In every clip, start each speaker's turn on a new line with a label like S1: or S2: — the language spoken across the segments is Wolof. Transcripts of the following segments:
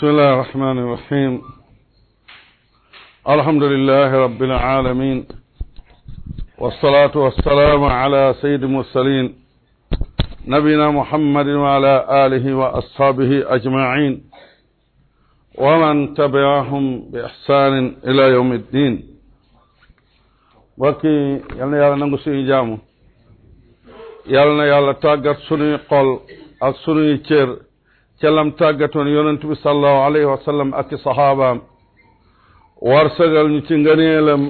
S1: بسم الله الرحمن الرحيم الحمد لله رب العالمين والصلاة والسلام على سيد المرسلين نبينا محمد وعلى آله وأصحابه أجمعين ومن تبعهم بإحسان إلى يوم الدين وكي يلنا يالا نغسي جامو يلنا يالا تاغات سوني قول اك سوني ca lam tàggatoon yonent bi sallallahu alayhi wa sallam ak ci saxaabaam warsagal ñu ci ngëneelam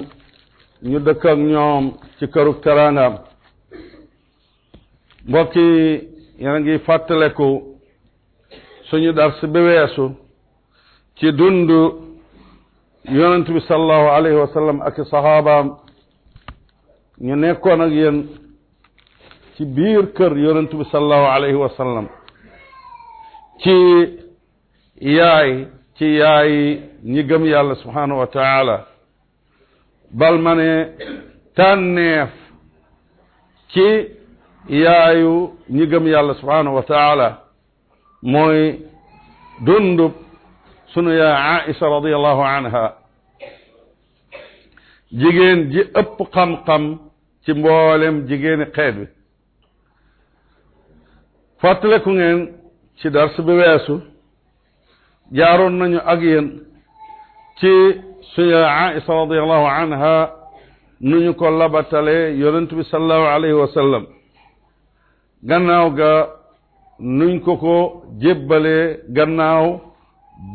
S1: ñu dëkk ak ñoom ci kërug teraangaam mbokk yi yéen a ngi fàttaleku suñu dars bi ci dund yonent bi sallallahu alayhi wa sallam ak saxaabaam ñu nekkoon ak yéen ci biir kër yonent bi sallallahu alayhi wa salam ci yaay ci yaay ñi gëm yàlla subhaanahu wa taala bal ma ne tànneef ci yaayu ñi gëm yàlla subhaanahu wa taala mooy dundub sunu yaay Aïsa radiallahu anha jigéen ji ëpp xam-xam ci mboolem jigéeni xeet bi fàttaleku ngeen ci dars bi weesu jaaroon nañu ak yéen ci suñu Aïsa radiallahu anha nu ko labatalee yonent bi salallahu alayhi wa sallam gannaaw ga nuñ ko ko jébbalee gannaaw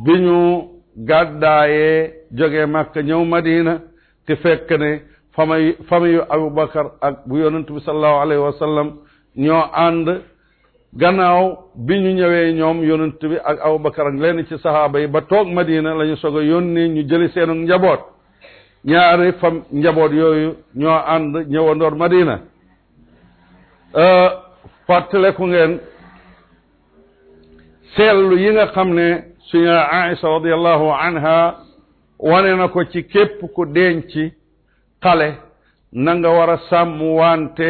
S1: bi ñu gàddaayee jóge Makka ñëw Madina te fekk ne famille famille yu Abubakar ak bu yonent bi salallahu alayhi wa sallam ñoo ànd gannaaw bi ñu ñëwee ñoom yonent bi ak Abubakar ak lenn ci saxaaba yi ba toog Madina la ñu soog a yónnee ñu jëli seenu njaboot ñaari fam njaboot yooyu ñoo ànd ñëwandoor Madina euh, fàttaleku ngeen seetlu yi nga xam ne suñu Aïsa radiallahu anha wane na ko ci képp ku ci xale na nga war a sàmm wante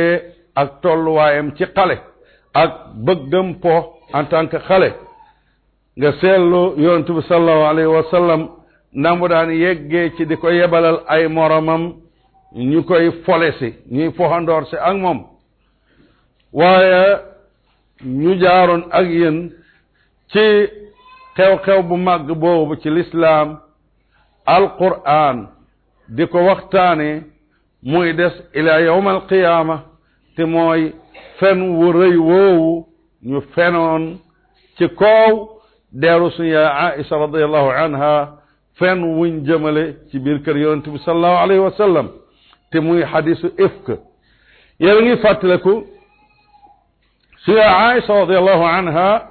S1: ak tolluwaayam ci xale ak bëggam po en tant que xale nga seetlu yonent bi alayhi wa sallam na mu daan yeggee ci di ko yebalal ay moromam ñu koy fole si ñuy foxandoor si ak moom waaye ñu jaaroon ak yéen ci xew-xew bu màgg boobu ci lislaam alquran di ko waxtaane muy des ila yawm alqiyaama te mooy fen wu rëy woowu ñu fenoon ci koow deeru suñu yaay Aïcha radiallahu anha fen wuñ jëmale ci biir kër yonente bi salallahu alayhi wa sallam te muy xadisu ifk yéen a ngi fàttaleku suñu yaay Aïcha radiallahu anha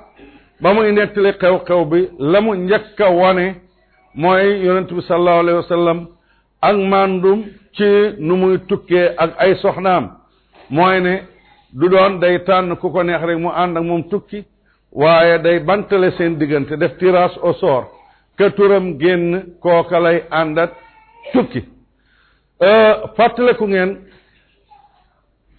S1: ba muy nettali xew-xew bi la mu njëkk a wane mooy yonente bi salallahu alayhi wa sallam ak mandum ci nu muy tukkee ak ay soxnaam mooy ne du doon day tànn ku ko neex rek mu ànd ak moom tukki waaye day bantale seen diggante def tirage au sort ka turam génn kooka lay àndat tukki euh, fàttaleku ngeen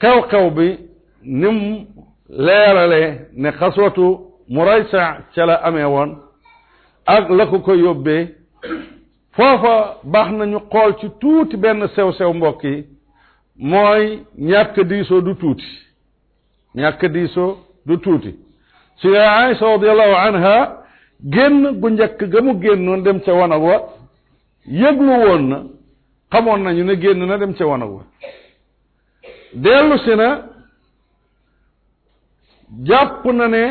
S1: xew-xew bi nim leeralee ne xaswatu muraysa ca la amee woon ak la ko ko yóbbee foofa baax nañu xool ci tuuti benn sew-sew mbokk yi mooy ñàkk diisoo du tuuti ñàkk diisoo du tuuti si Aïsa radiallahu anha génn gu njëkk ga mu génnoon dem ca wanag wa yëglu woon na xamoon nañu ne génn na dem ca wanag wa
S2: dellusi na
S1: jàpp na ne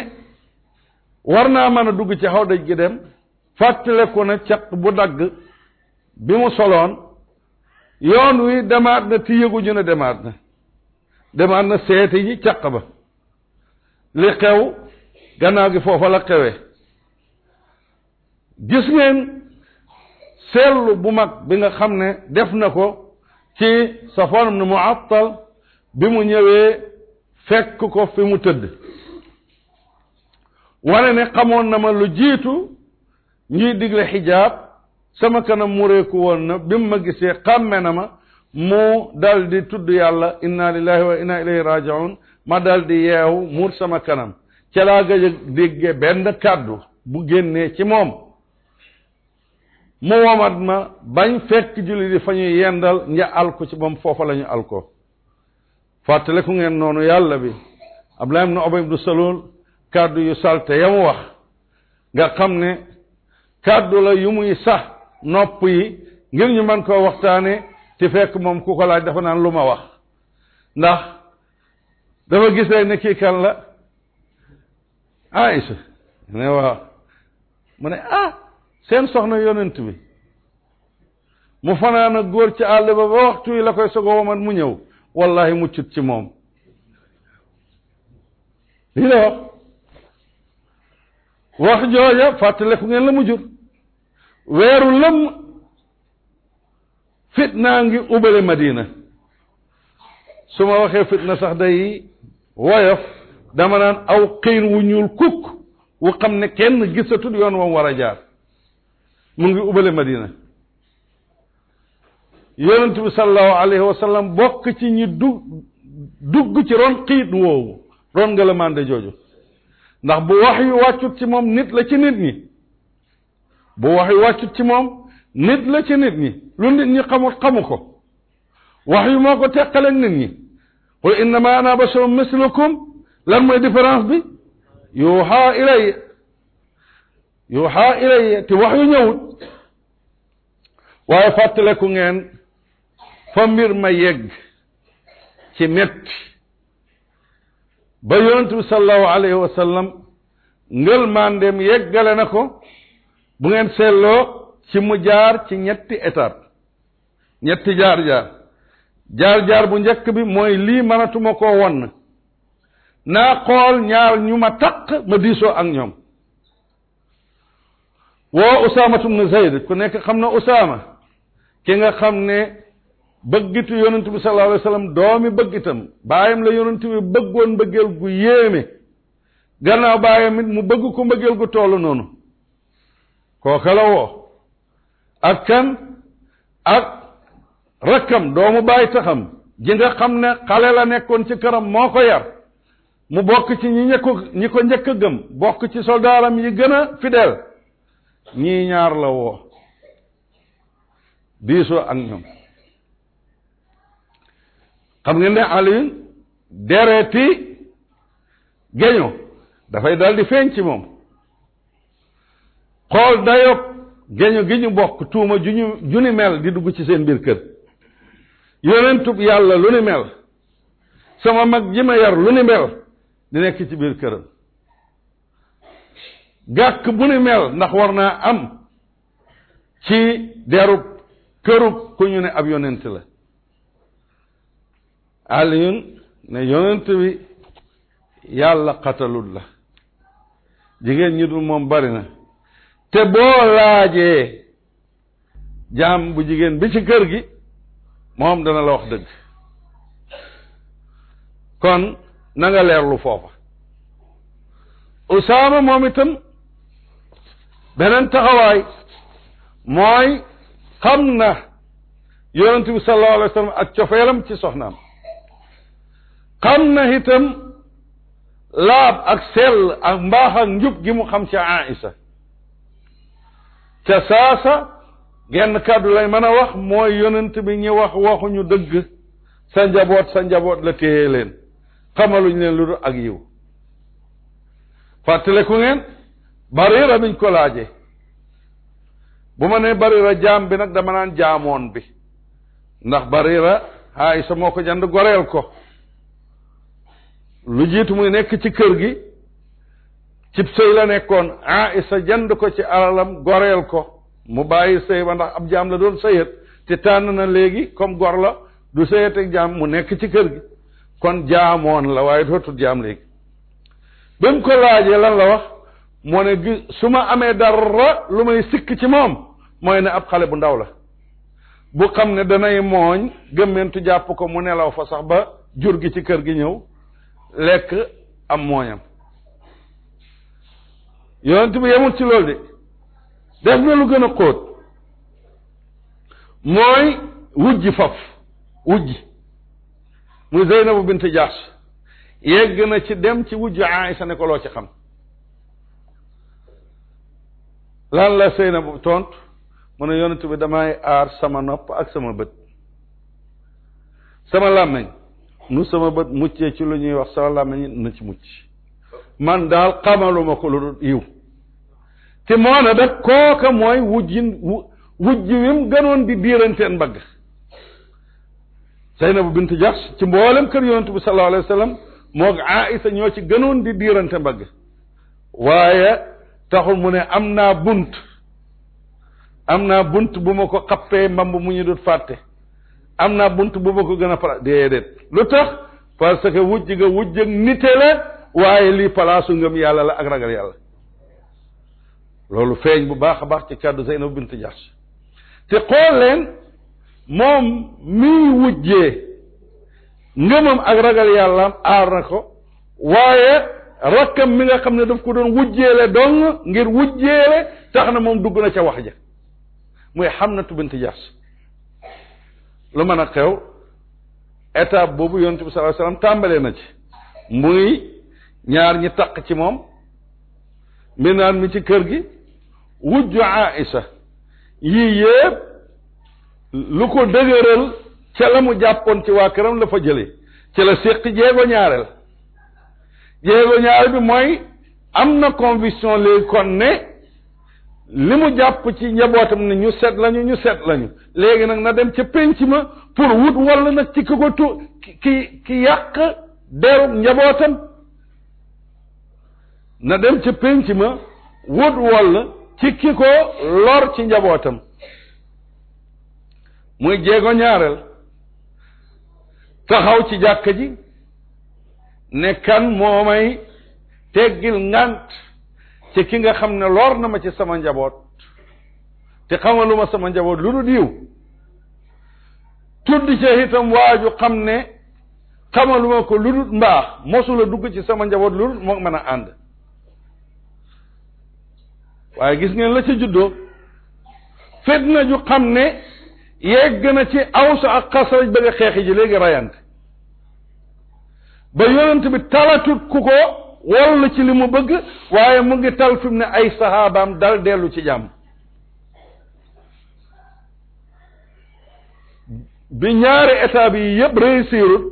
S1: war naa mën a dugg ci xaw daj gi dem fàttaleku na caq bu dagg bi mu soloon yoon wi demaat na ti yëguñu ne demaat na demaat na seeti ji caq ba li xew gannaaw gi foofala kewe xewe gis ngeen seetlu bu mag bi nga xam ne def na ko ci Safwan mu Mu'attal bi mu ñëwee fekk ko fi mu tëdd wane ne xamoon na ma lu jiitu ñuy digle xijaab sama kanam mu réeku woon na bi mu ma gisee xàmme na ma mu dal di tudd yàlla inna lillahi wa inna ilayhi rajiun ma dal di yeewu muur sama kanam ca laa a dégge benn kàddu bu génnee ci moom mu womat ma bañ fekk julli di fa ñuy yendal nga alko ci moom foofa lañu alko fàttale ku ngeen noonu yàlla bi Abdullah ibn Ubay ibn Salul kàddu yu salte yamu wax nga xam ne kàddu la yu muy sax nopp yi ngir ñu mën koo waxtaane te fekk moom ku ko laaj dafa naan lu ma wax ndax dafa gis rek ne kii kan la Aïcha ne waaw mu ne ah seen soxna yonent bi mu fanaan góor ci àll ba ba waxtu yi la koy sogo woman mu ñëw wallahi muccut ci moom lii la wax wax jooja fàttaleku ngeen la mu jur weeru lëmm fitnaa ngi ubale madina su ma waxee fitna sax day woyof dama naan aw xëyn wu ñuul kukk wu xam ne kenn gisatul yoon wam war a jaar mu ngi ubale madina yonent bi sallallahu alayhi wa bokk ci ñi du dugg ci ron xiit woowu ron nga la mande jooju ndax bu wax yu wàccut ci moom nit la ci nit ñi bu wax yu wàccut ci moom nit la ci nit ñi lu nit ñi xamul xamu ko wax yu moo ko teqaleeg nit ñi qul innama ana basharun mislukum lan mooy différence bi yuuxaa ilayya yuuxaa wax yu ñëwut waaye fàttaleku ngeen fa mbir ma yegg ci metti ba yonent bi salallahu alayhi wa sallam ngël mandem yeggale na ko bu ngeen seetloo ci mu jaar ci ñetti étape ñetti jaar-jaar jaar-jaar bu njëkk bi mooy lii mënatuma koo won naa xool ñaar ñu ma taq ma diisoo ak ñoom woo usaamatu bnu zayd ku nekk xam na usaama ki nga xam ne bëggitu yonent bi sallallahu alayhi wa sallam doomi bëggitam baayam la yonent bi bëggoon mbëggeel gu yéeme gannaaw baayam mu bëgg ko mbëggeel gu toll noonu kooka la ak kan ak rakkam doomu bàyyi taxam ji nga xam ne xale la nekkoon ci këram moo ko yar mu bokk ci ñi ñëkku ñi ko njëkk a gëm bokk ci soldaaram yi gën a fidèle ñii ñaar la woo diisoo ak ñoom xam ngeen ne Alioune dereeti geño dafay dal di feeñ ci moom xool dayob geño gi ñu bokk tuuma ju ñu ju ni mel di dugg ci seen biir kër yonentub yàlla lu ni mel sama mag ji ma yar lu ni mel di nekk ci biir këram gàkk bu ni mel ndax war naa am ci derub kërub ku ñu ne ab yonent la Aliyun ne yonent yàlla xatalul la jigéen ñi dul moom bari na te boo laajee jaam bu jigéen bi ci kër gi moom dana la wax dëgg kon na nga leerlu foofa usaama moom itam beneen taxawaay mooy xam na yonent bi sallallahu alayhi sallam ak cofeelam ci soxnaam xam na itam laab ak sell ak mbaax njub gi mu xam ci Aïsa ca saasa genn kàddu lay mën a wax mooy yonent bi ñi wax waxuñu dëgg sa njaboot sa njaboot la téye leen xamaluñ leen lu dul ak yiw fàttaliku ngeen barira biñ ko laaje bu ma nee barira jaam bi nag dama naan jaamoon bi ndax barira ay sa moo ko jënd goreel ko lu jiitu muy nekk ci kër gi cib sëy la nekkoon Aïsa jënd ko ci alalam goreel ko mu bàyyi sëy ba ndax ab jaam la doon sëyat te tànn na léegi comme gor la du sëyat ak jaam mu nekk ci kër gi kon jaamoon la waaye dootul jaam léegi ba mu ko laajee lan la wax moo ne gi su ma amee dara lu may sikk ci moom mooy ne ab xale bu ndaw la bu xam ne danay mooñ gëmmentu jàpp ko mu nelaw fa sax ba jur gi ci kër gi ñëw lekk am mooñam yonent bi yemul ci loolu de def na lu gën a xóot mooy wujj faf wujj muy Zeynabu bint Jaash yegg na ci dem ci wujj Aïsa ne ko loo ci xam lan la Zeynabu tontu mu ne yonent bi damay aar sama nopp ak sama bët sama làmmiñ nu sama bët muccee ci lu ñuy wax sama làmmiñ na ci mucc man daal xamaluma ko lu dul yiw te moo ne da kooka mooy wujjin wujj wim gënoon di biiranteen mbagg Zeynabu bint Jaxs ci mboolem kër yonent bi sallallahu alayhi wa sallam moog Aïsa ñoo ci gënoon di diirante mbagg waaye taxul mu ne am naa bunt am naa bunt bu ma ko xappee mbamb mu ñu dut fàtte am naa bunt bu ma ko gën a pala déedéet lu tax parce que wujj nga wujj ak nite waaye lii palaasu ngëm yàlla la ak ragal yàlla loolu feeñ bu baax a baax ci kàddu Zeynab bint Jahsh te xool leen moom miy wujjee ngëmam ak ragal yàllaam aar na ko waaye rakkam mi nga xam ne daf ko doon wujjeele dong ngir wujjeele tax na moom dugg na ca wax ja muy Xamnatu bint Jahsh lu mën a xew étape boobu yonent bi sallallahu tàmbalee na ci muy ñaar ñi taq ci moom mi naan mi ci kër gi wujju Aïsa yii yépp lu ko dëgëral ca la mu jàppoon ci waa këram la fa jële ca la séqi jéego ñaareel jéego ñaareel bi mooy am na conviction léegi kon ne li mu jàpp ci njabootam ne ñu set lañu ñu set lañu léegi nag na dem ca pénc ma pour wut walla nag ci ki ko tu ki ki yàq derub njabootam na dem ca pénc ma wut walla cikki ko lor ci njabootam muy jéego ñaareel taxaw ci jàkka ji ne kan moo may teggil ngant ci ki nga xam ne lor na ma ci sama njaboot te xamalu ma sama njaboot lu du diw tudd ci itam waaju xam ne xamaluma ko lu dul mbaax mosula dugg ci sama njaboot lu dul moo mën a ànd waaye gis ngeen la ci juddoo fitna ju xam ne yegg na ci aw awsa ak xasraj bëgg a xeexi ji léegi rayante ba yonent bi talatut ku ko wallu ci li mu bëgg waaye mu ngi tal fi ne ay saxaabaam dal dellu ci jàmm bi ñaari étape yi yëpp réussirut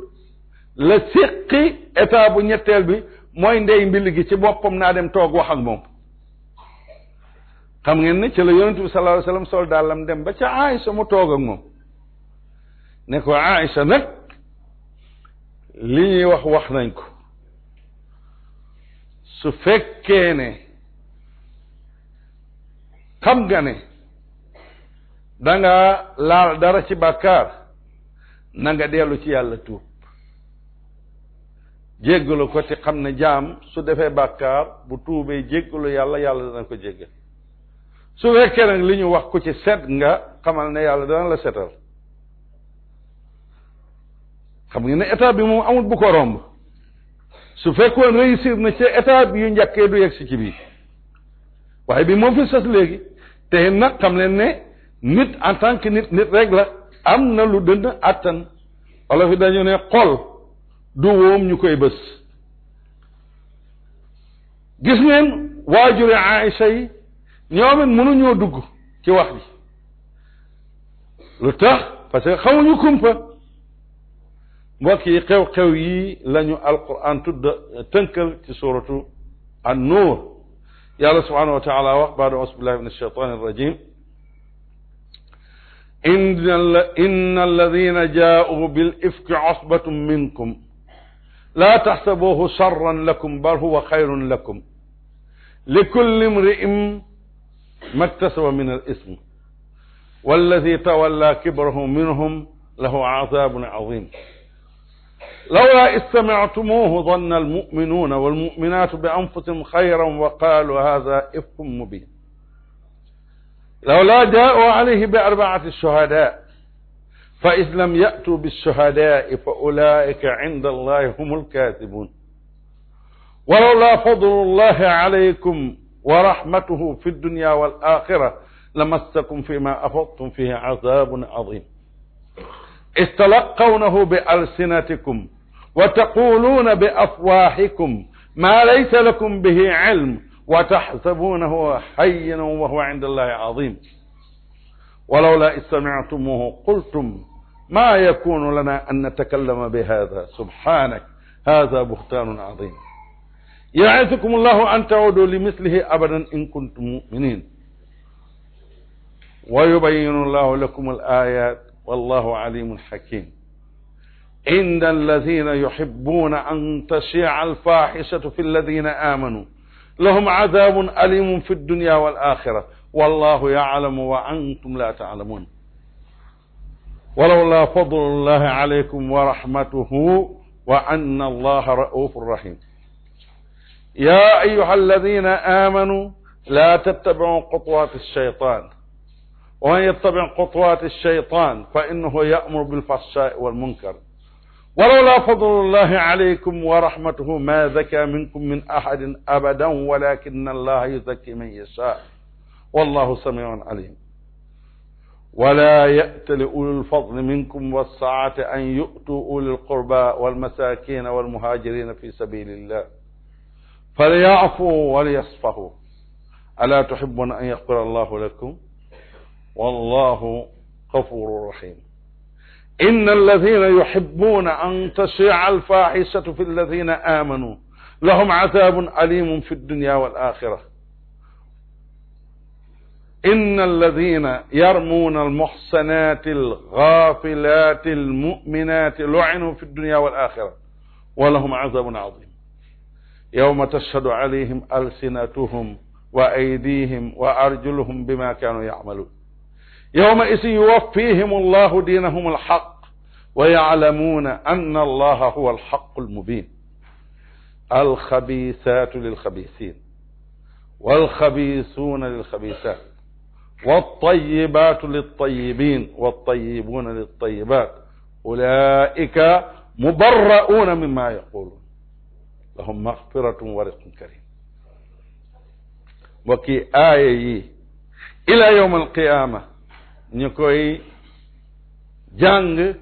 S1: la siqi étape bu ñetteel bi mooy ndey mbill gi ci boppam naa dem toog wax ak moom xam ngeen ne ci la yonent bi sallallahu alayhi sol daalam dem ba ca Aïcha mu toog ak moom ne ko Aïcha nag li ñuy wax wax nañ ko su fekkee ne xam nga ne danga nga laal dara ci bàkkaar na nga dellu ci yàlla tuub jéggalu ko te xam ne jaam su defee bàkkaar bu tuubee jéggalu yàlla yàlla dana ko jéggal su fekkee nag li ñu wax ku ci set nga xamal ne yàlla dana la setal xam nga ne étape bi moom amul bu ko romb su fekkoon réussir na ci bi yu njëkkee du yegg si ci bi waaye bi moom fi sas léegi te nag xam leen ne nit en tant que nit nit rek la am na lu dënn àttan wala fi dañu ne xol du woom ñu koy bës gis ngeen waajuri Aïcha yi ñoom it mënuñoo dugg ci wax ji lu tax parce que xamuñu kumpa mbokk yi xew-xew yi lañu alquran tudd tënkal ci suratu an nuur yàlla subhanahu wa taala wax baadu ausbillahi min alshaitan arrajim إن الذين جاءوا بالإفك عصبة منكم لا تحسبوه شرا لكم بل هو خير لكم لكل امرئ maktasaba min al ism walladi tawalla kibrahu minhum lahu azabun azim lawlaa istamictumuuhu danna almuminuuna walmuminaatu bi anfusihim xayran wa qaalu hada ifkum mubin lawlaa jaa'uu alayhi bi arbaati shuhadaa fa id lam ya'tuu bishuhadaa'i fa ulaa'ika inda allahi hum alkaadibuun wa lawlaa fadlu allahi alaykum wa rahmatuhu fi dunya wal axira lamassakum fi ma afadtum fihi azabun azim istalaqawnahu bi alsinatikum wa taquluuna bi afwahikum ma laysa lakum bihi ilm wa taxsabuunahu hayyinan wa huwa inda allahi azim ولولا إذ سمعتموه قلتم ما يكون لنا أن نتكلم بهذا سبحانك هذا بهتان عظيم yaisukum allahu an taudu li mislihi abadan in kuntum muminin wa yubayinu allahu lakum al ayat wallahu alimun hakim عند الذين يحبون أن تشيع الفاحشة في الذين آمنوا لهم عذاب أليم في الدنيا والآخرة والله يعلم وأنتم لا تعلمون ولولا فضل الله عليكم ورحمته وأن الله رؤوف رحيم yaa ayuha alladina amanu laa tattabicu xutuwaati shaytaan wa man yattabic xutuwaati shaytaan fa innahu ya'muru bilfahshaai walmunkar walawlaa fadlullahi alaykum wa rahmatuhu ma zaka minkum min ahadin abadan walakina allaha yuzakki man yashaa wallahu samiun alim ولا يأتل أولو الفضل منكم والسعة أن يؤتوا أولي القربى والمساكين والمهاجرين في سبيل الله falyaafu walyasfahu alaa tuhibuuna an yaxfira allahu lakum wallahu gafuru rahim inna alladina yuhibuuna an tashia alfaxishatu fi alladina amanu lahum cadaabun alimun fi dunya wal axira إن الذين يرمون المحصنات الغافلات المؤمنات لعنوا في الدنيا والآخرة ولهم عذاب عظيم yawma tashhadu alayhim alsinatuhum wa aydihim wa arjuluhum bima kanu yacmaluun yawma isin yuwaffihim allahu diinahum alxaq wa yaclamuuna anna allaha huwa alxaqu almubin alxabisaatu lilxabisin walxabisuuna lilxabisaat والطيبات للطيبين والطيبون للطيبات أولئك مبرؤون مما يقولون lahum maxfiratum wa risqun karim mbokk yi aaya yi ila yowm alqiyaama ñu koy jàng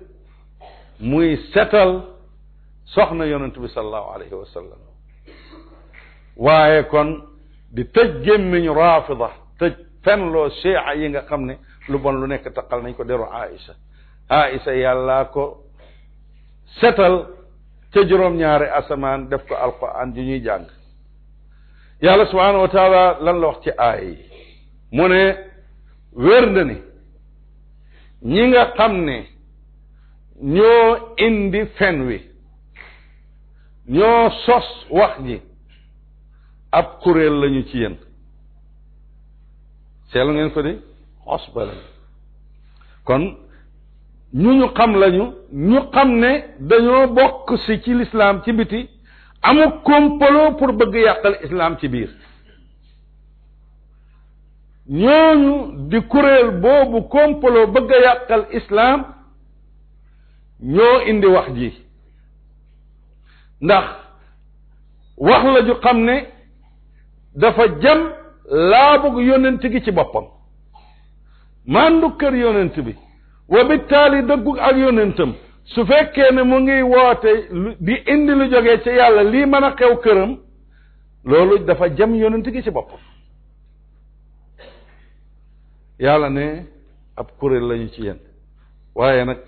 S1: muy setal soxna yonent bi salallahu alayhi wa sallam waaye kon di tëj gémmiñu raafida tëj fenloo chia yi nga xam ne lu bon lu nekk taqal nañ ko deru aïsa aïsa yàllaa ko setal ca juróom-ñaari asamaan def ko alquran ju ñuy jàng yàlla subhaanahu wa taala lan la wax ci aaya mu ne wér na ni ñi nga xam ni ñoo indi fen wi ñoo sos wax ji ab kuréel lañu ci yéen seetlu ngeen ko di xos ba lañ kon ñu ñu xam lañu ñu xam ne dañoo bokk si ci lislaam ci biti amu complot pour bëgg yàqal islaam ci biir ñooñu di kuréel boobu kompolo bëgg yàqal islaam ñoo indi wax ji ndax wax la ju xam ne dafa jam laa bëgg yonent gi ci boppam mandu kër yonent bi wa bittaali dëggug ak yonentam su fekkee ne mu ngi woote bi indi lu jógee ci yàlla lii mën a xew këram loolu dafa jëm yonent gi ci boppam yàlla ne ab kuréel lañu ci yen waaye nag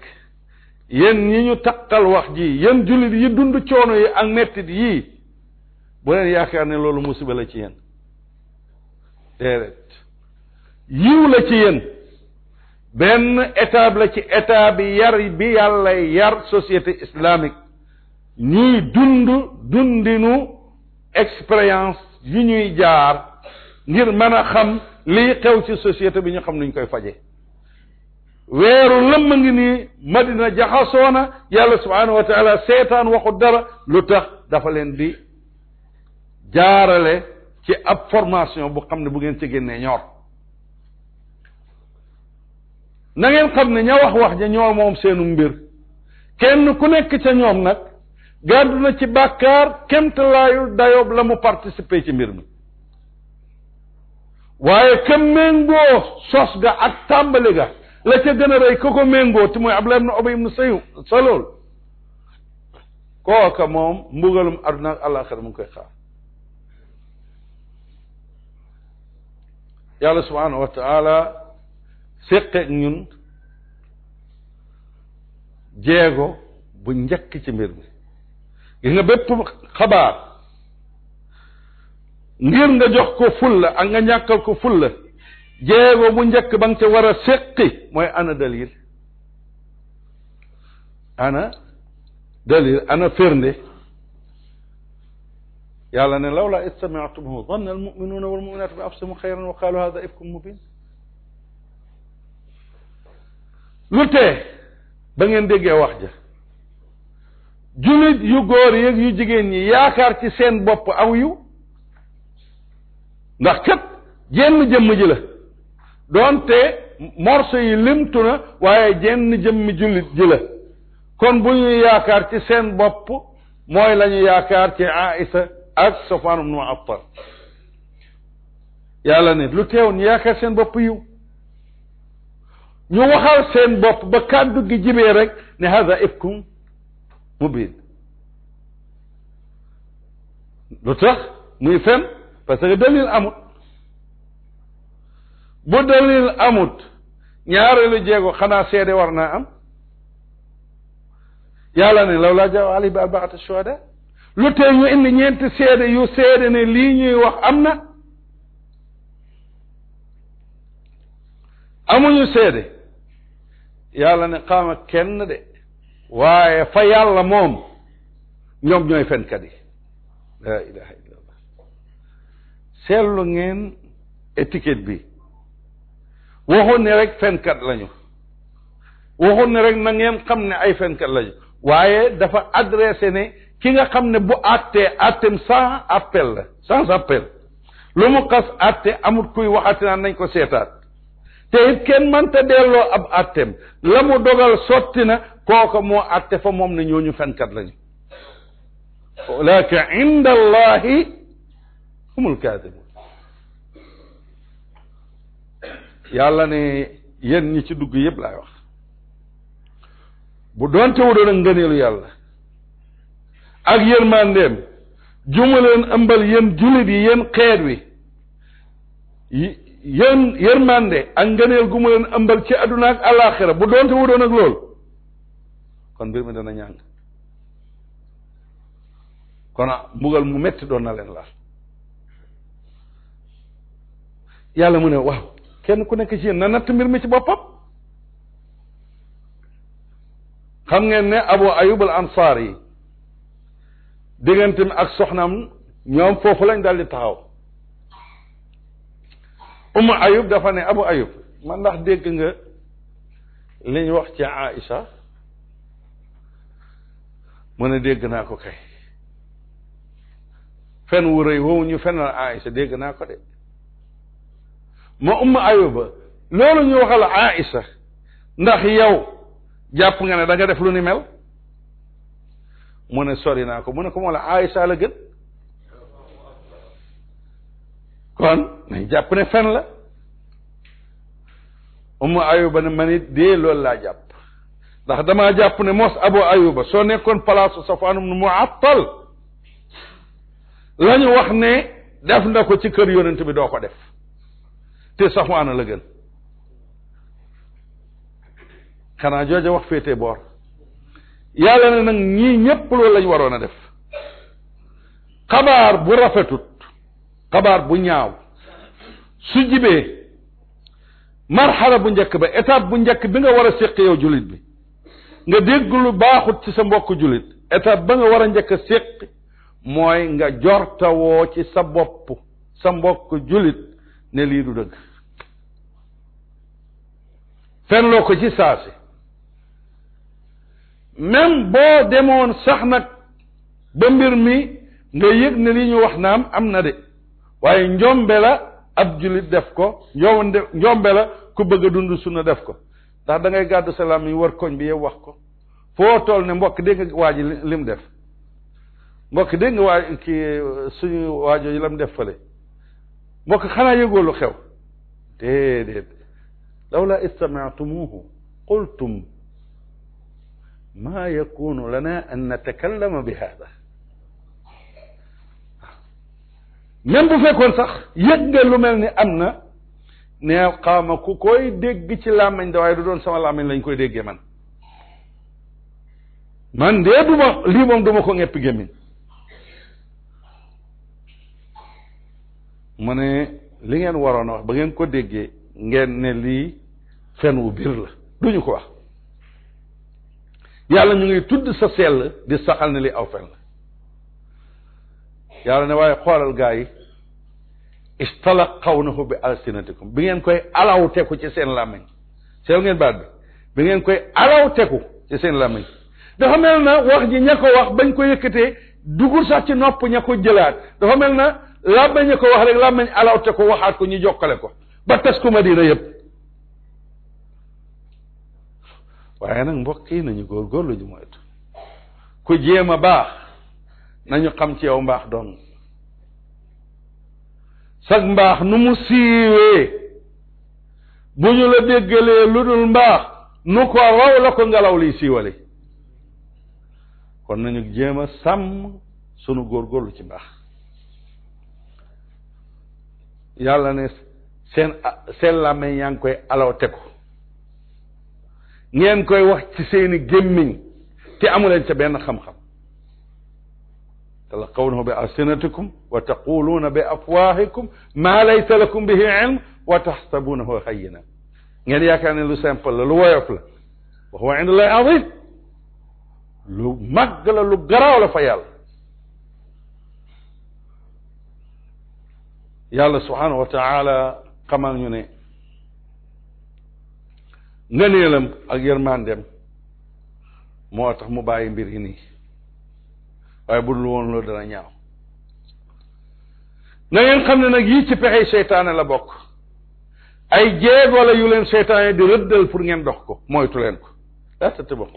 S1: yéen ñi ñu taqal wax ji yéen jullit yi dund coono yi ak mettit yii bu leen yaakaar ne loolu musiba la ci yéen déedéet yiw la ci yéen benn étape la ci état bi yar bi yàlla yar société islamique ñuy dund dundinu expérience yi ñuy jaar ngir mën a xam liy xew ci société bi ñu xam nuñ koy faje weeru lëmm ngi nii madina jaxasoona yàlla subhanahu wa seetaan waxu dara lu tax dafa leen di jaarale ci ab formation bu xam ne bu ngeen ci génnee ñor na ngeen xam ne ña wax wax ja ñoo moom seenu mbir kenn ku nekk ca ñoom nag gàddu na ci bàkkaar kemtalaayu dayoob la mu participer ci mbir mi waaye ka méngoo sos ga ak tàmbali ga la ca gën a rëy ka ko méngoo te mooy Abdullah ibnu Ubay ibnu Sayu Salul kooka moom mbugalum àdduna ak àllaaxira mu ngi koy xaar yàlla subhaanahu wa séqeeg ñun jeego bu njëkk ci mbir mi gis nga bépp xabaar ngir nga jox ko fulla ak nga ñàkkal ko fulla jeego bu njëkk ba nga ca war a séqi mooy ana dalil ana dalil ana firnde yàlla ne lawla istamiatumuhu danna almuminuuna walmuminatu bi absihim xayran wa qaalu hada ifkum mubin lu tee ba ngeen déggee wax ja jullit yu góor yëg yu jigéen ñi yaakaar ci seen bopp aw yu ndax kat jenn jëmm ji la doonte morso yi limtu na waaye jenn jëmm jullit ji la kon bu ñuy yaakaar ci seen bopp mooy lañu ñu yaakaar ci Aïsa ak Safwan ibnu Attal yàlla ne lu teewoon yaakaar seen bopp yiw ñu waxal seen bopp ba kàddu gi jibee rek ne hada ifkum mubin lu tax muy fen parce que dalil amut bu dalil amut ñaareelu jéego xanaa seede war naa am yàlla ne law laa jaaw ali bi arbaata shuhada lu tee ñu indi ñeenti seede yu seede ne lii ñuy wax am na amuñu seede yàlla ne xaama kenn de waaye fa yàlla moom ñoom ñooy fenkat yi la ilaha illallah seetlu ngeen étiquette bi waxoon ne rek fenkat lañu waxoon ne rek na ngeen xam ne ay fenkat lañu waaye dafa adressé ne ki nga xam ne bu àttee àtteem sans appel la sans appel lu mu xas àtte amut kuy waxati naan nañ ko seetaat te it kenn mënta delloo ab àtteem la mu dogal sotti na kooka moo àtte fa moom ne ñooñu fenkat lañu ulaaka inda allahi humul kaadibuun yàlla ne yéen ñi ci dugg yëpp laay wax bu doonte doon a ngëneelu yàlla ak yërmandeem jumaleen ëmbal yéen jullit yi yéen xeet wi yéen yërmande ak ngëneel gu mu leen ëmbal ci àdduna ak àllaaxira bu doonte wudoon ak loolu kon mbir mi dana ñàng kon ah, mbugal mu metti doon na leen la yàlla mu ne waaw kenn ku nekk ci yéen na natt mbir mi ci boppam xam ngeen ne abu ayub al ansaar yi digganteem ak soxnaam ñoom foofu lañ daal di taxaw umu ayub dafa ne abu ayub man ndax dégg nga liñ wax ci Aïcha mu ne dégg naa ko kay fen wu rëy woowu ñu fenal Aïcha dégg naa ko de ma umu ayuba loolu ñu waxal Aïcha ndax yow jàpp nga ne da def lu ni mel mu ne sori naa ko mu ne ko moo la Aïcha la gën kon nañ jàpp ne fen la umu ayuba ne man it dee loolu laa jàpp ndax damaa jàpp ne mos abu ayuba soo nekkoon palaasu safaanum nu mu àttal la wax ne def na ko ci kër yonent bi doo ko def te safaana la gën xanaa jooja wax féete boor yàlla ne nag ñii ñépp loolu lañ waroon a def xabaar bu rafetut xabaar bu ñaaw su jibee marxala bu njëkk ba étape bu njëkk bi nga war a séq yow jullit bi nga dégg lu baaxut ci sa mbokk jullit étape ba nga war a njëkk a séq mooy nga jortawoo ci sa bopp sa mbokk jullit ne lii du dëgg fenloo ko ci saasi boo demoon sax nag ba mbir mi nga yëg ne li ñu wax naam am na de waaye njombe la ab jullit def ko njombe njombe la ku bëgg a dund sunna def ko ndax da ngay gàddu salaam yi war koñ bi yow wax ko foo tool ne mbokk dégg nga waa ji li mu def mbokk dégg nga waa kii suñu waajo yi la mu def fële mbokk xanaa yëgoo lu xew déedéet law laa istamaatumuhu qultum maa yakunu lana an natakallama bi hada même bu fekkoon sax yëg nga lu mel ni am na ne xawma ku koy dégg ci làmmiñ da waaye du doon sama làmmiñ lañ koy déggee man man dee du ma lii moom du ko ñepp gémmiñ mu ne li ngeen waroon a wax ba ngeen ko déggee ngeen ne lii fen wu biir la duñu ko wax yàlla ñu ngi tudd sa sell di saxal ne li aw fen la yàlla ne waaye xoolal gaa yi xaw istalaqawnahu bi alsinatikum bi ngeen koy alawteku ci seen làmmiñ seew ngeen baat bi bi ngeen koy alawteku ci seen làmmiñ dafa mel na wax ji ña ko wax bañ ko yëkkatee dugul sax ci nopp ña ko jëlaat dafa mel na làmmiñ ña ko wax rek làmmiñ alawteku waxaat ko ñu jokkale ko ba tas ko Madina yëpp waaye nag mbokk yi nañu góorgóorlu ju moytu ku jéem a baax nañu xam ci yow mbaax doom sag mbaax nu mu siiwee bu ñu la déggalee lu dul mbaax nu ko raw la ko ngelaw liy siiwale kon nañu jéem a sàmm sunu góor góor lu ci mbaax yàlla ne seen seen làmmiñ yaa ngi koy alawte ko ngeen koy wax ci seeni gémmiñ te amuleen ca benn xam-xam تلقونه بألسنتكم وتقولون بأفواهكم ما ليس لكم به علم وتحسبونه هينا ngeen yaakaar ne lu simple la lu woyof la wa huwa inda llahi azim lu màgg la lu garaaw la fa yàlla yàlla subhaanahu wa taala xamal ñu ne ngëneelam ak yërmandeem moo tax mu bàyyi mbir yi nii waaye bu dul woon loolu dana ñaaw na xam ne nag yii ci pexey seytaane la bokk ay jéego la yu leen seytaane di rëddal pour ngeen dox ko moytu leen ko laa tattabi'u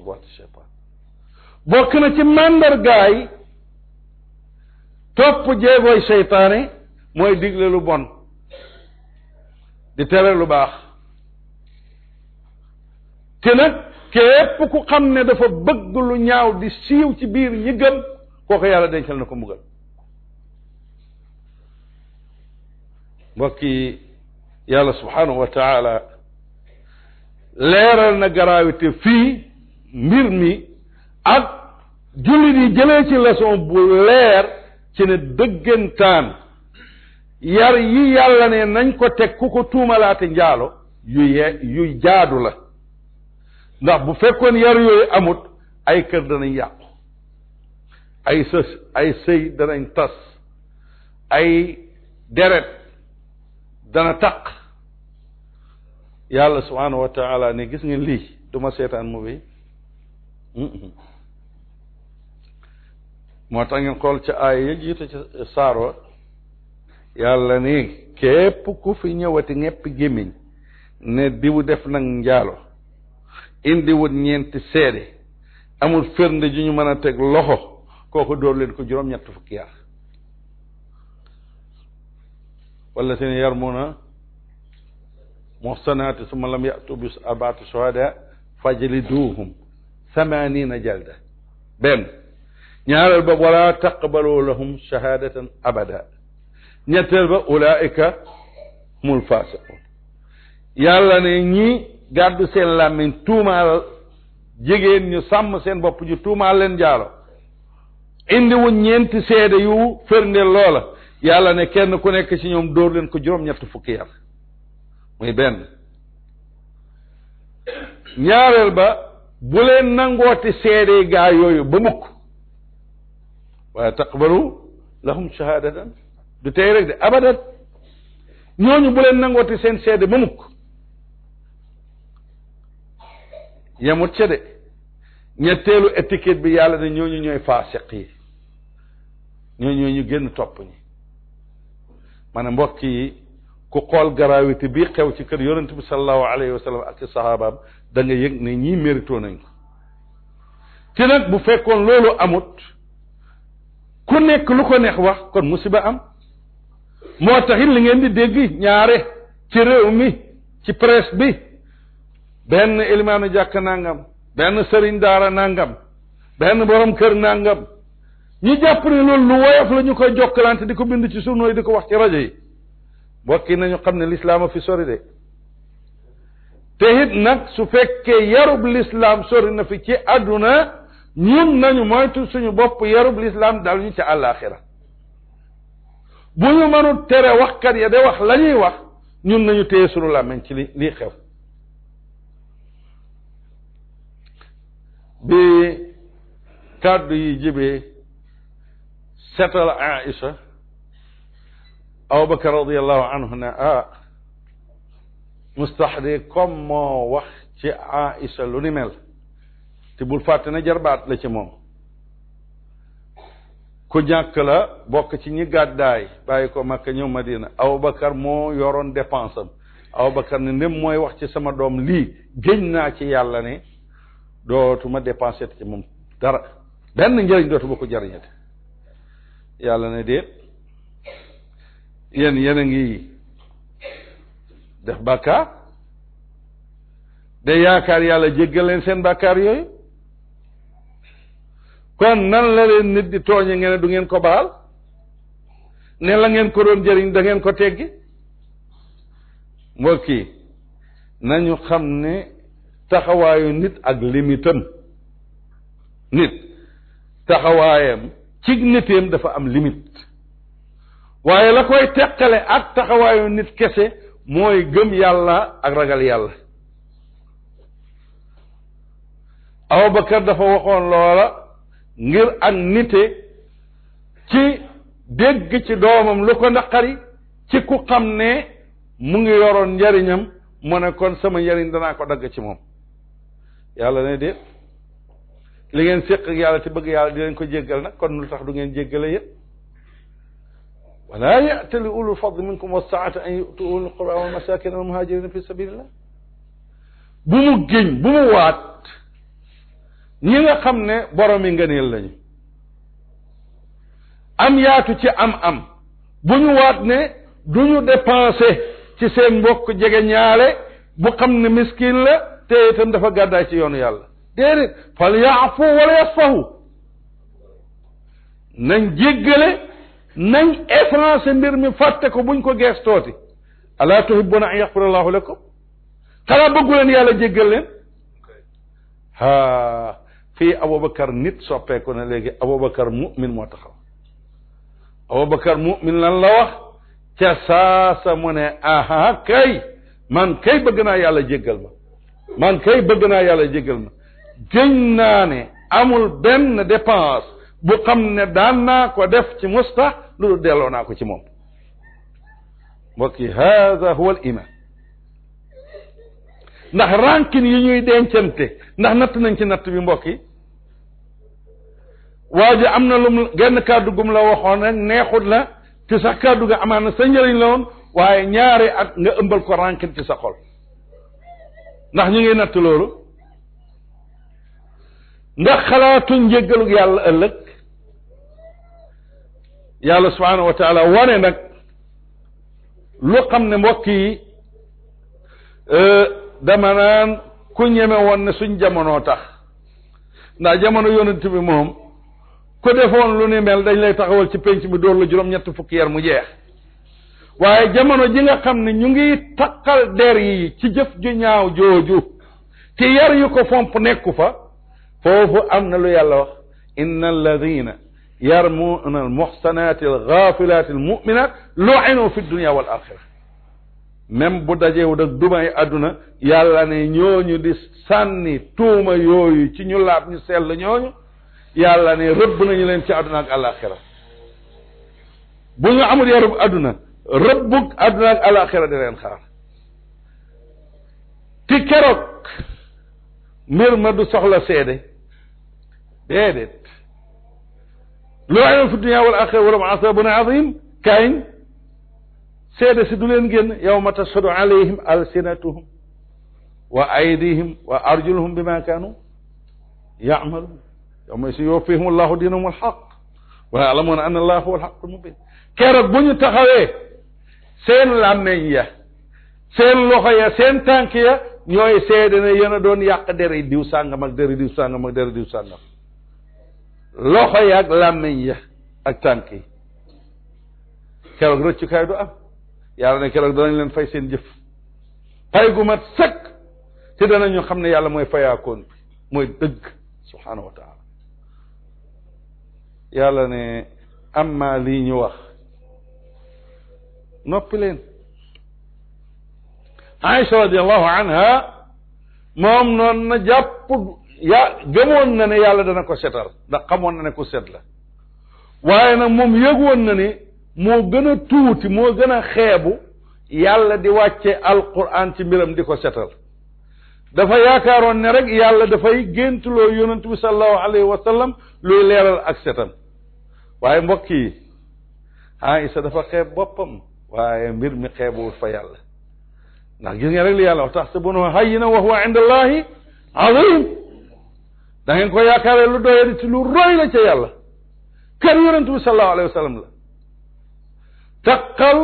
S1: bokk na ci màndargaay topp jéegooy seytaane mooy digle lu bon di tere lu baax te nag képp ku xam ne dafa bëgg lu ñaaw di siiw ci biir ñi gëm kooku yàlla dencal na ko mbugal mbokk yi yàlla subhaanahu wa taala leeral na garaawite fii mbir mi ak jullit yi jëlee ci leçon bu leer ci ne dëggantaan yar yi yàlla ne nañ ko teg ku ko tuumalaate njaalo yu ye yu jaadu la ndax bu fekkoon yar yooyu amut ay kër danañ yàqu ay sës ay sëy danañ tas ay deret dana taq yàlla subhaanahu wa ne gis ngeen lii du ma seetaan mu moo tax ngeen xool ca ay ya jiitu ca saaro yàlla ni képp ku fi ñëwati ñepp gémmiñ ne diwu def nag njaalo indiwut ñeenti seede amul firnde ju ñu mën a teg loxo kooku dóor leen ko juróom-ñett fukki yar wala seen yarmuna lam yatu bi arbaati shuhada fajliduuhum thamanina jalda benn wala taqbalu lahum shahadatan abada ñetteel ba ulaika humul fasiqun yàlla ne ñi gàddu seen làmmiñ tuumaal jigéen ñu sàmm seen bopp ñu tuumaal jaalo indiwuñ ñeenti seede yu firndeel loola yàlla ne kenn ku nekk ci ñoom dóor leen ko juróom-ñett fukki yar muy benn ñaareel ba bu leen nangooti seede gaa yooyu ba mukk waaye taqbalu lahum shahadatan du tey rek de abadat ñooñu bu leen nangooti seen seede ba mukk yemut ca de ñetteelu étiquette bi yàlla ne ñooñu ñooy faasiq yi ñoo ñoo ñu génn topp ñi ma mbokk yi ku xool gravité bii xew ci kër yonent bi sallallahu alayhi wa sallam ak i sahabaam da yëg ne ñii mérito nañ ko te bu fekkoon loolu amut ku nekk lu ko neex wax kon musiba am moo taxit li ngeen di dégg ñaare ci réew mi ci presse bi benn ilimaanu jàkk nangam benn sëriñ daara nangam benn borom kër nangam ñu jàpp ne loolu lu woyof la ñu koy jokkalante di ko bind ci journaux yi di ko wax ci rajo yi mbokk yi nañu xam ne lislaam a fi sori de te it nag su fekkee yarub lislaam sori na fi ci àdduna ñun nañu moytu suñu bopp yarub lislaam dal ñu ci àllaaxira bu ñu mënul tere waxkat ya de wax la wax ñun nañu téye sunu làmmiñ ci li lii xew bi kàddu yi jibee seetal Aïcha Abubakar radiallahu anhu ne ah mustaxri comme moo wax ci Aïcha lu ni mel te bul fàtte na jarbaat la ci moom ku ñàkk la bokk ci ñi gàddaay bàyyi ko Makka ñëw Madina Abubakar moo yoroon dépense am Abubakar ne ndem mooy wax ci sama doom lii géñ naa ci yàlla ne dootuma dépensé ci moom dara benn njëriñ dootuma ko jariñate yàlla na déet yéen yéen a ngi def bàkkaar de yaakaar yàlla jéggal leen seen bàkkaar yooyu kon nan la leen nit di tooñe ngeen du ngeen ko baal ne la ngeen ko doon jëriñ da ko teggi mbokk yi nañu xam ne taxawaayu nit ak limitam nit taxawaayam cig nitéem dafa am limite waaye la koy teqale ak taxawaayu nit kese mooy gëm yàlla ak ragal yàlla Abubakar dafa waxoon loola ngir ak nite ci dégg ci doomam lu ko naqari ci ku xam ne mu ngi yoroon njariñam mu ne kon sama njariñ danaa ko dagg ci moom yàlla ne déet li ngeen séq ak yàlla te bëgg yàlla di leen ko jéggal nag kon lu tax du ngeen jéggale yéen wala yatali ulul fadl minkum wasaata an yutu ulul qurba wal masakin wal muhajirina fi sabilillah bu mu géñ bu mu waat ñi nga xam ne boromi ngëneel lañu am yaatu ci am-am bu ñu waat ne du ñu dépensé ci seen mbokk jege ñaale bu xam ne miskin la te itam dafa gàddaay ci yoonu yàlla déedéet fal yaafu wala yasfahu nañ jéggale nañ effrancé mbir mi fàtte ko buñ ko geestooti alaa tuhibbuuna an yaxfira allahu lakum xanaa bëggu leen yàlla jéggal leen haa fii Aboubacar nit soppeeku na léegi Aboubacar mu'min moo taxaw Aboubacar mu'min lan la wax ca saasa mu ne aha kay man kay bëgg naa yàlla jéggal ma man kay bëgg naa yàlla jéggal ma géñ naa ne amul benn dépense bu xam ne daan naa ko def ci musta lu dul delloo naa ko ci moom mbokki yi hada huwa al ndax rancune yi ñuy dencante ndax natt nañ ci natt bi mbokk yi waa ji am na lum genn kàddu gum la waxoon rek neexut la te sax kàddu gi amaan na sa njëriñ la waaye ñaari at nga ëmbal ko rancune ci sa xol ndax ñu ngi natt loolu ndax xalaatu njéggalug yàlla ëllëg yàlla subhaanahu wa taala wane nag lu xam ne mbokk yi e, dama naan ku ñeme woon ne suñ jamono tax ndax jamono yonent bi moom ku defoon lu ni mel dañ lay taxawal ci penc bi dóor la juróom-ñett fukki yar mu jeex waaye jamono ji nga xam ne ñu ngi takkal der yi ci jëf ju ñaaw jooju ci yar yu ko fomp nekku fa foofu am na lu yàlla wax inna alladina yarmuuna almuxsanaati alxaafilaati almuminaat luinu fi dunia wal axira même bu dajewu ak dumay àdduna yàlla ne ñooñu di sànni tuuma yooyu ci ñu laab ñu sell ñooñu yàlla ne rëbb nañu leen ci àdduna ak alaxira bu ñu amul yarub àdduna rëbbug àdduna ak alaxira di leen xaar ti keroog mbir ma du soxla seede déedéet loo amee fi dunya wal axira wa lahum azabun azim kayn seede si du leen génn yawma tashhadu alayhim alsinatuhum wa aydihim wa arjuluhum bima kaanu ya'malun yawma si yuwaffihim allahu diinahum alhaq wa ya'lamuuna anna allaha huwa alhaqul mubin keroog bu ñu taxawee seen làmmeñ ya seen loxo ya seen tànk ya ñooy seede ne yéen a doon yàq deri diw sàngam ak deri diw sàngam ak deri diw sàngam loxo yaag làmmiñ ya ak tànk yi keroog rëccukaay du am yàlla ne keroog danañ leen fay seen jëf pay gu mat sëkk te danañu xam ne yàlla mooy fayaakoon bi mooy dëgg subhaanahu wa taala yàlla ne amma lii ñu wax noppi leen Aïcha radiallahu anha moom noon na jàpp yaa gëmoon na ne yàlla dana ko setal ndax xamoon na ne ku set la waaye nag moom yëgoon na ne moo gën a tuuti moo gën a xeebu yàlla di wàcce alquran ci mbiram di ko setal dafa yaakaaroon ne rek yàlla dafay géntuloo yonent bi sallallahu alayhi wa sallam leeral ak setam waaye mbokk yi Aïsa dafa xeeb boppam waaye mbir mi xeebuwul fa yàlla ndax gis nga li yàlla wax tax sa bono na wa huwa inda allahi azim dangeen ko yaakaaree lu doyadi ci lu roy la ca yàlla kër yonent bi sallallahu alayhi wa sallam la taqal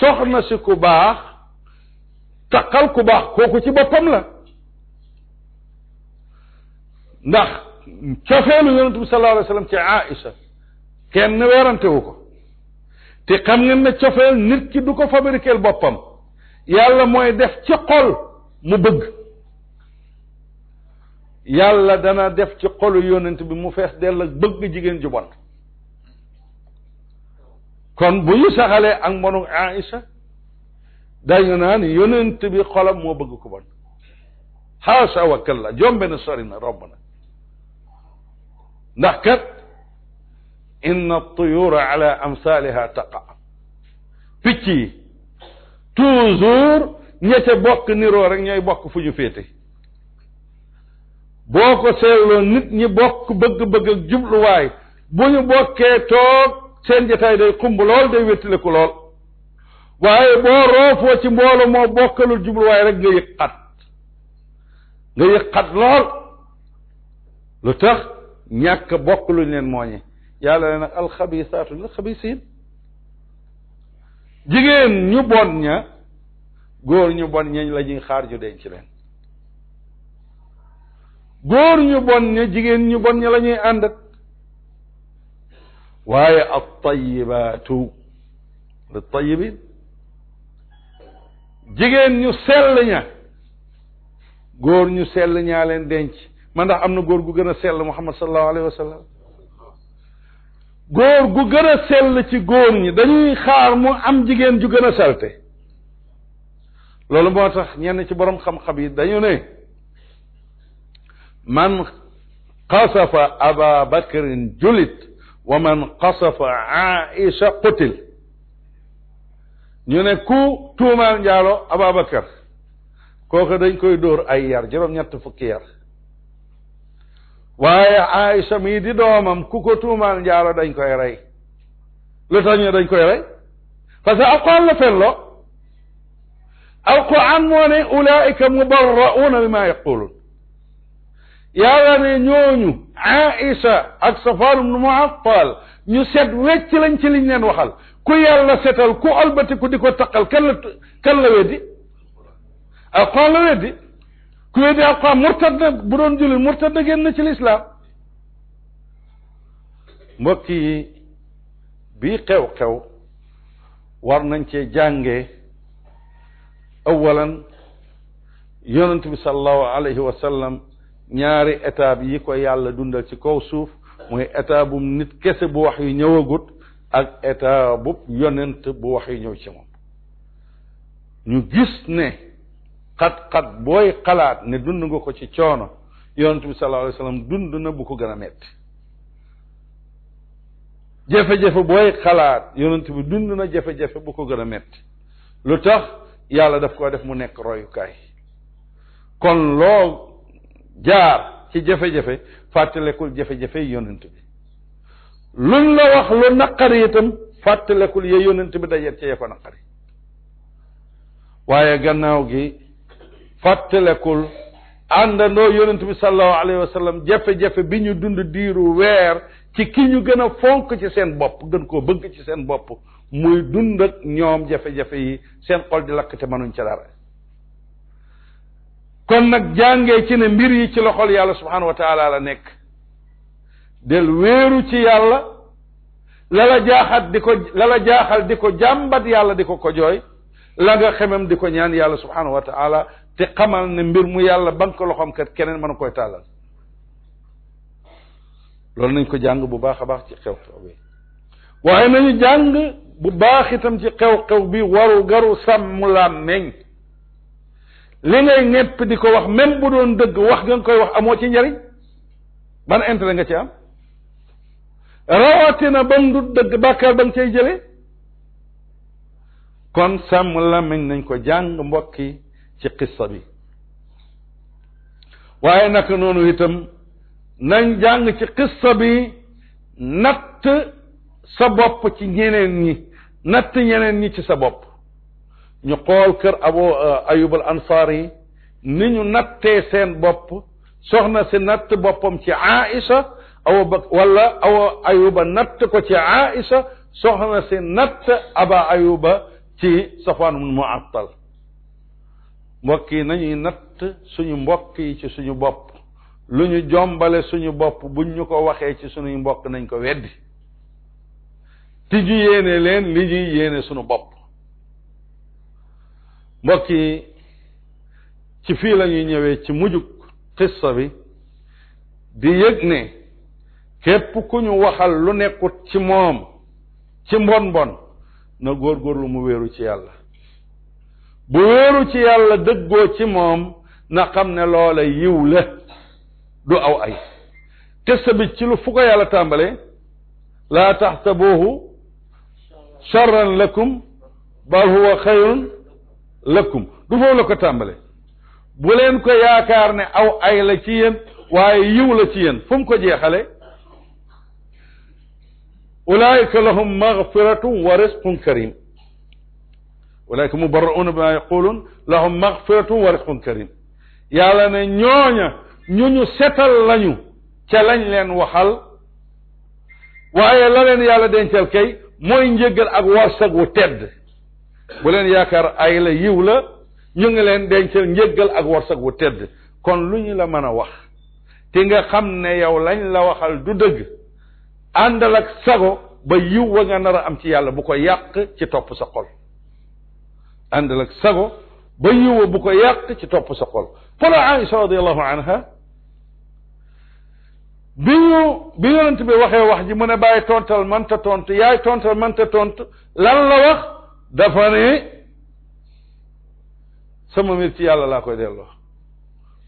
S1: soxna si ku baax taqal ku baax kooku ci boppam la ndax cofeelu yonent bi sallallahu alayhi wa sallam ci Aïcha kenn weerante wu ko te xam ngeen ne cofeel nit ki du ko fabriquer boppam yàlla mooy def ci xol mu bëgg yàlla dana def ci xolu yonent bi mu feex dell bëgg jigéen ju bon kon bu ñu saxalee ak mbonu Aïcha dañu naan yonent bi xolam moo bëgg ko bon xaasa wa kalla jombe na sori na romb na ndax kat inna tuyura ala amsaliha taqa picc yi toujours ña bokk niroo rek ñooy bokk fu ñu féete boo ko seetloo nit ñi bokk bëgg-bëgg ak jubluwaay bu ñu bokkee toog seen jataay day xumb lool day wéttiliku lool waaye boo roofoo ci mboolo moo bokkalul jubluwaay rek nga yëg xat nga yëg xat lool lu tax ñàkk bokk luñ leen mooñe yàlla ne nag alxabisaatu lil xabisiin jigéen ñu bon ña góor ñu bon ñañ la ñuy xaar ju denc leen góor ñu bon ña jigéen ñu bon ña la ñuy ànd ak waaye al tayibaatu li tayibin jigéen ñu sell ña góor ñu sell ñaa leen denc man ndax am na góor gu gën a sell mu sallallahu alayhi wa sallam góor gu gën a sell ci góor ñi dañuy xaar mu am jigéen ju gën a salte loolu moo tax ñenn ci borom xam-xam yi dañu ne man qasafa aba bakrin julit wa man qasafa aisha qutil ñu ne ku tuumaal njaalo aba bakar kooku dañ koy dóor ay yar juróom-ñett fukki yar waaye aisha mii di doomam ku ko tuumaal njaalo dañ koy rey lu tax ñu dañ koy rey parce que alquran la fen loo alquran moo ne ulaika mubarrauna bi ma yaqulun yàlla ne ñooñu Aïcha ak Safaan ibnu Muattal ñu set wecc lañ ci liñ leen waxal ku yàlla setal ku albatiku di ko taqal kan la kan la weddi la weddi ku weddi alquran murtad na bu doon jullit murtad na ci lislaam mbokk bi bii xew-xew war nañ cee jànge awalan yonent bi sallallahu alayhi ñaari bi yi ko yàlla dundal ci kaw suuf mooy étape bu nit kese bu wax yu ñëwagut ak étape bu yonent bu wax yu ñëw ci moom ñu gis ne xat-xat booy xalaat ne dund nga ko ci coono yonent bi sallallahu alayhi wa dund na bu ko gën a metti jafe-jafe booy xalaat yonent bi dund na jafe-jafe bu ko gën a metti lu tax yàlla daf koo def mu nekk royukaay kon loo jaar ci jafe-jafe fàttalekul jafe-jafe yonent bi luñ la wax lu naqari itam fàttalekul ya yonent bi dajet ca ya ko naqari waaye gannaaw gi fàttalekul àndandoo yonent bi sallallahu alayhi wa sallam jafe bi ñu dund diiru weer ci ki ñu gën a fonk ci seen bopp gën koo bëgg ci seen bopp muy dund ak ñoom jafe-jafe yi seen xol di lakk te mënuñ ci dara kon nag jàngee ci ne mbir yi ci loxol yàlla subhanahu wa taala la nekk del wéeru ci yàlla la jaaxal di ko jàmbat yàlla di ko ko jooy la nga xemem di ko ñaan yàlla subhanahu wa taala te xamal ne mbir mu yàlla bank loxoom kat keneen mën koy tàllal loolu nañ ko jàng bu baax a baax ci xew-xew bi waaye nañu jàng bu baax itam ci xew-xew bi waru garu sàmm làmmeñ li ngay ñepp di ko wax même bu doon dëgg wax nga nga koy wax amoo ci njariñ ban intérêt nga ci am rawatina ba mu du dëgg bàkkaar ba cay jële kon sàmm làmmiñ nañ ko jàng mbokki ci qissa bi waaye naka noonu itam nañ jàng ci qissa bi natt sa bopp ci ñeneen ñi natt ñeneen ñi ci sa bopp ñu xool kër abu euh, ayub ansaari ni ñu nattee seen bopp soxna si natt boppam ci aïcha awa ba wala awa ayuba natt ko ci aïcha soxna si natt aba ayuba ci safwaan ibn muattal mbokk yi nañuy natt suñu mbokk yi ci suñu bopp lu ñu jombale suñu bopp buñ ñu ko waxee ci suñuy mbokk nañ ko weddi ti ju yéene leen li ñuy yéene suñu bopp mbokk yi ci fii lañuy ñuy ñëwee ci mujjug qissa bi di yëg ne képp ku ñu waxal lu nekkut ci moom ci mbon mbon na góorgóorlu mu wéeru ci yàlla bu wéeru ci yàlla dëggoo ci moom na xam ne loola yiw la du aw ay qissa bi ci lu fu ko yàlla tàmbale laa taxsabuhu charran lakum bal huwa xayrun lakum du foofu ko tàmbale bu leen ko yaakaar ne aw ay la ci waaye yiw la ci yéen fu ko jeexale ulaayika lahum magfiratun wa risqun karim ulaayika mubarrauna bima yaqulun lahum magfiratun wa risqun karim yàlla ne ñooña setal lañu ca lañ leen waxal waaye la leen yàlla dencal kay mooy njëggal ak warsak wu tedd bu leen yaakaar ay la yiw la ñu ngi leen dencal njëggal ak warsak wu tedd kon lu ñu la mën a wax te nga xam ne yow lañ la waxal du dëgg àndal sago ba yiw wa nga nar am ci yàlla bu ko yàq ci topp sa xol àndal sago ba yiw bu ko yàq ci topp sa xol fala Aïcha radiallahu anha bi ñu bi yonent bi waxee wax ji mu ne bàyyi tontal mënta tontu yaay tontal mënta tontu lan la wax dafa ne sama mbir ci yàlla laa koy delloo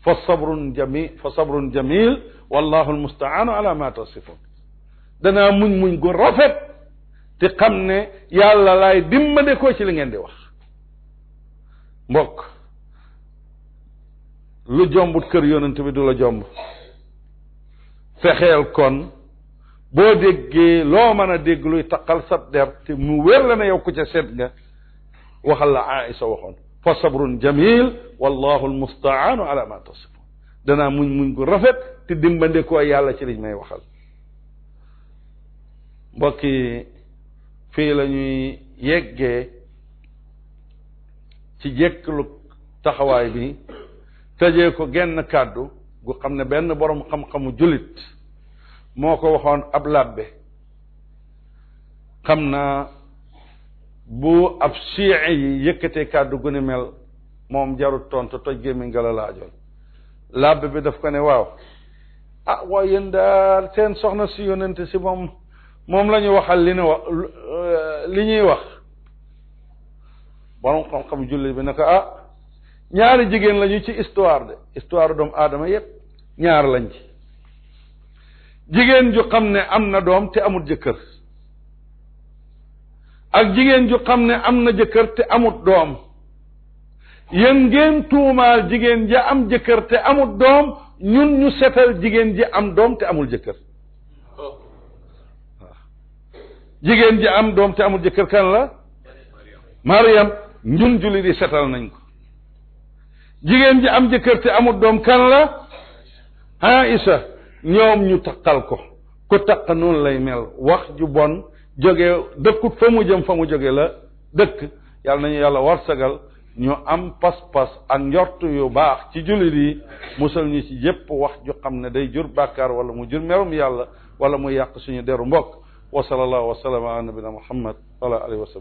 S1: fa sabrun jami fa sabrun jamil wallahu ma tasifun danaa muñ muñ gu rafet te xam ne yàlla laay dimbale ko ci li ngeen di wax mbokk lu jombut kër yonent bi du la jomb fexeel kon boo déggee loo mën a dégg luy taqal sab der te mu wér la ne ku ca seet nga waxal la Aïsa waxoon fa sabrun jamil wallahu almustaanu ala ma tasifun danaa muñ muñ ko rafet te dimbandikoo yàlla ci liñ may waxal mbokk yi fii la ñuy yeggee ci jekkalu taxawaay bi tëjee ko genn kàddu gu xam ne benn boroom xam-xamu jullit moo ko waxoon ab labbe xam naa bu ab siie yi yëkkate kàddu gu ni mel moom jarut tontu toj gémmiñ nga la laajoon labbe bi daf ko ne waaw a ah, waaye yéen daal seen soxna si yónnante si moom moom la ñu waxal li ñu wax li ñuy wax borom xam-xam julli bi naka ah ñaari jigéen lañu ci histoire de histoire doomu aadama yépp ñaar lañ ci jigéen ju xam ne am na doom te amut jëkkër ak jigéen ju xam ne am na jëkkër te amut doom yéen jigéen ja am jëkkër amut ñun ñu setal jigéen ji am doom te amul jëkkër jigéen ji am doom te amul jëkkër kan la Mariam ñun julli di setal nañ ko jigéen ji am jëkkër te amut doom kan la ah Isa ñoom ñu taqal ko ku taq noonu lay mel wax ju bon jóge dëkkut fa mu jëm fa mu jóge la dëkk yàlla nañu yàlla warsagal ñu am pas-pas ak njort yu baax ci jullit yi musal ñu ci yépp wax ju xam ne day jur bàkkaar wala mu jur merum yàlla wala mu yàq suñu deru mbokk wa sallallahu wa sallama ala nabina muhammad wa ala wa sallam